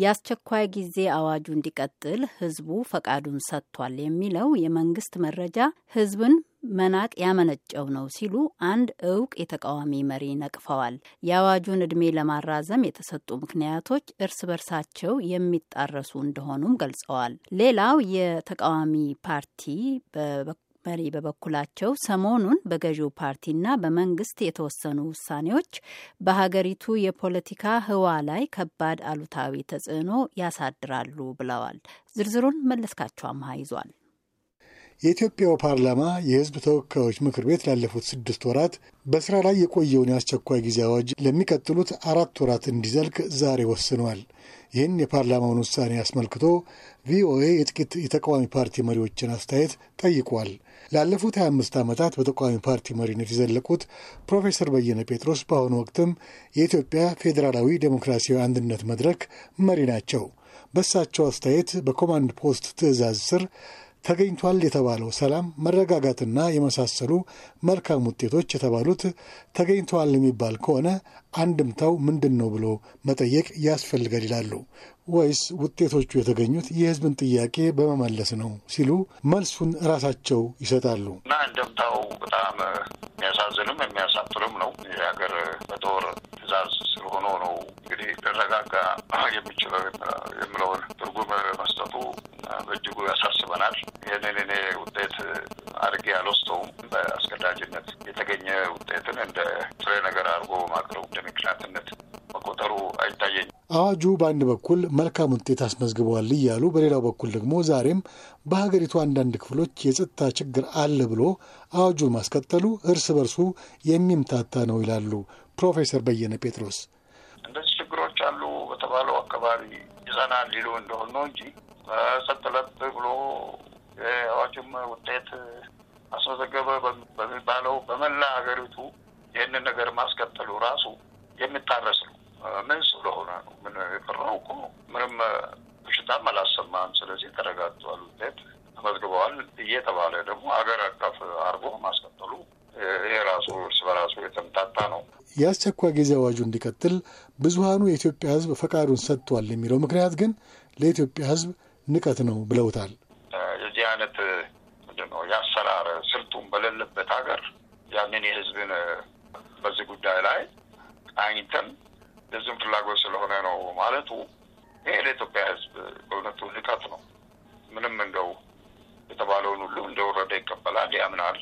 የአስቸኳይ ጊዜ አዋጁ እንዲቀጥል ህዝቡ ፈቃዱን ሰጥቷል የሚለው የመንግስት መረጃ ህዝብን መናቅ ያመነጨው ነው ሲሉ አንድ እውቅ የተቃዋሚ መሪ ነቅፈዋል። የአዋጁን ዕድሜ ለማራዘም የተሰጡ ምክንያቶች እርስ በርሳቸው የሚጣረሱ እንደሆኑም ገልጸዋል። ሌላው የተቃዋሚ ፓርቲ መሪ በበኩላቸው ሰሞኑን በገዢው ፓርቲና በመንግስት የተወሰኑ ውሳኔዎች በሀገሪቱ የፖለቲካ ህዋ ላይ ከባድ አሉታዊ ተጽዕኖ ያሳድራሉ ብለዋል። ዝርዝሩን መለስካቸው አምሃ ይዟል። የኢትዮጵያው ፓርላማ የሕዝብ ተወካዮች ምክር ቤት ላለፉት ስድስት ወራት በስራ ላይ የቆየውን የአስቸኳይ ጊዜ አዋጅ ለሚቀጥሉት አራት ወራት እንዲዘልቅ ዛሬ ወስኗል። ይህን የፓርላማውን ውሳኔ አስመልክቶ ቪኦኤ የጥቂት የተቃዋሚ ፓርቲ መሪዎችን አስተያየት ጠይቋል። ላለፉት 25 ዓመታት በተቃዋሚ ፓርቲ መሪነት የዘለቁት ፕሮፌሰር በየነ ጴጥሮስ በአሁኑ ወቅትም የኢትዮጵያ ፌዴራላዊ ዴሞክራሲያዊ አንድነት መድረክ መሪ ናቸው። በሳቸው አስተያየት በኮማንድ ፖስት ትዕዛዝ ስር ተገኝቷል የተባለው ሰላም፣ መረጋጋትና የመሳሰሉ መልካም ውጤቶች የተባሉት ተገኝተዋል የሚባል ከሆነ አንድምታው ምንድን ነው ብሎ መጠየቅ ያስፈልጋል ይላሉ። ወይስ ውጤቶቹ የተገኙት የሕዝብን ጥያቄ በመመለስ ነው ሲሉ መልሱን ራሳቸው ይሰጣሉ። እና አንድምታው በጣም የሚያሳዝንም የሚያሳፍርም ነው። የሀገር በጦር ትዕዛዝ ስለሆነ ነው እንግዲህ ልረጋጋ ማድረግ የሚችለው የምለውን ትርጉም መስጠቱ በእጅጉ ያሳስበናል። ይህንን እኔ ውጤት አድርጌ አልወስደውም። በአስገዳጅነት የተገኘ ውጤትን እንደ ጥሬ ነገር አድርጎ ማቅረቡ እንደ ምክንያትነት መቆጠሩ አይታየኝም። አዋጁ በአንድ በኩል መልካም ውጤት አስመዝግበዋል እያሉ፣ በሌላው በኩል ደግሞ ዛሬም በሀገሪቱ አንዳንድ ክፍሎች የጸጥታ ችግር አለ ብሎ አዋጁን ማስቀጠሉ እርስ በርሱ የሚምታታ ነው ይላሉ ፕሮፌሰር በየነ ጴጥሮስ። በተባለው አካባቢ ይዘናል ሊሉ እንደሆን ነው እንጂ ሰጥለጥ ብሎ የአዋጅም ውጤት አስመዘገበ በሚባለው በመላ ሀገሪቱ ይህንን ነገር ማስቀጠሉ ራሱ የሚታረስ ነው። ምን ስለሆነ ነው ምን የፈራው እኮ ምንም በሽታም አላሰማም። ስለዚህ ተረጋግጧል፣ ውጤት ተመዝግበዋል እየተባለ ደግሞ ሀገር አቀፍ አድርጎ ማስቀጠሉ ይሄ ራሱ እርስ በራሱ የተምታታ ነው። የአስቸኳይ ጊዜ አዋጁ እንዲቀጥል ብዙሃኑ የኢትዮጵያ ሕዝብ ፈቃዱን ሰጥቷል የሚለው ምክንያት ግን ለኢትዮጵያ ሕዝብ ንቀት ነው ብለውታል። የዚህ አይነት ምንድነው የአሰራር ስልቱን በሌለበት ሀገር ያንን የሕዝብን በዚህ ጉዳይ ላይ አይንተን የዝም ፍላጎት ስለሆነ ነው ማለቱ ይሄ ለኢትዮጵያ ሕዝብ በእውነቱ ንቀት ነው። ምንም እንደው የተባለውን ሁሉ እንደወረደ ይቀበላል፣ ያምናል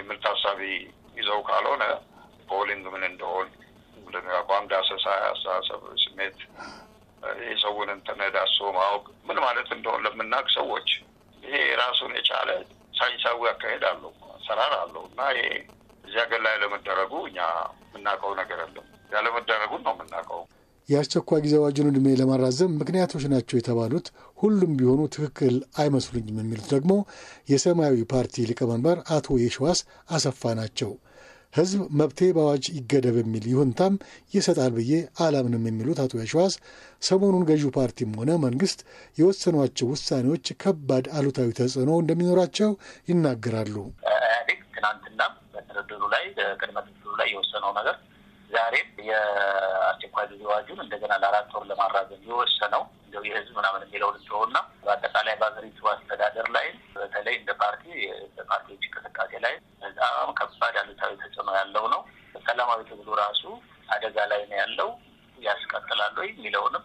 የሚል ታሳቢ ይዘው ካልሆነ ቦሊንግ ምን እንደሆን አቋም ዳሰሳ፣ አስተሳሰብ፣ ስሜት የሰውን እንትን ዳሶ ማወቅ ምን ማለት እንደሆን ለምናውቅ ሰዎች ይሄ ራሱን የቻለ ሳይንሳዊ አካሄድ አለው አሰራር አለው እና ይሄ እዚህ ሀገር ላይ ለመደረጉ እኛ የምናውቀው ነገር የለም። ያለመደረጉን ነው የምናውቀው። የአስቸኳይ ጊዜ አዋጅን ዕድሜ ለማራዘም ምክንያቶች ናቸው የተባሉት ሁሉም ቢሆኑ ትክክል አይመስሉኝም የሚሉት ደግሞ የሰማያዊ ፓርቲ ሊቀመንበር አቶ የሸዋስ አሰፋ ናቸው። ህዝብ መብቴ በአዋጅ ይገደብ የሚል ይሁንታም ይሰጣል ብዬ አላምንም የሚሉት አቶ የሸዋስ ሰሞኑን ገዢው ፓርቲም ሆነ መንግስት የወሰኗቸው ውሳኔዎች ከባድ አሉታዊ ተጽዕኖ እንደሚኖራቸው ይናገራሉ። ኢህአዴግ ትናንትና በድርድሩ ላይ በቅድመ ድርድሩ ላይ የወሰነው ነገር ዛሬም የአስቸኳይ ጊዜ አዋጁን እንደገና ለአራት ወር ለማራዘም የወሰነው እንደው የህዝብ ምናምን የሚለው ልትሆና በአጠቃላይ በሀገሪቱ አስተዳደር ላይ በተለይ እንደ ፓርቲ በፓርቲዎች እንቅስቃሴ ላይ ትግሉ ራሱ አደጋ ላይ ነው ያለው ያስቀጥላሉ የሚለውንም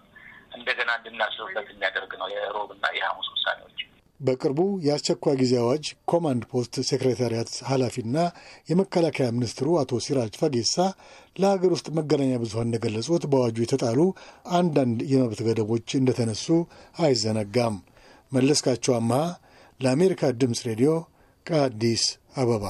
እንደገና እንድናስብበት የሚያደርግ ነው የሮብና የሐሙስ ውሳኔዎች። በቅርቡ የአስቸኳይ ጊዜ አዋጅ ኮማንድ ፖስት ሴክሬታሪያት ኃላፊና የመከላከያ ሚኒስትሩ አቶ ሲራጅ ፈጌሳ ለሀገር ውስጥ መገናኛ ብዙኃን እንደገለጹት በአዋጁ የተጣሉ አንዳንድ የመብት ገደቦች እንደተነሱ አይዘነጋም። መለስካቸው አምሃ ለአሜሪካ ድምፅ ሬዲዮ ከአዲስ አበባ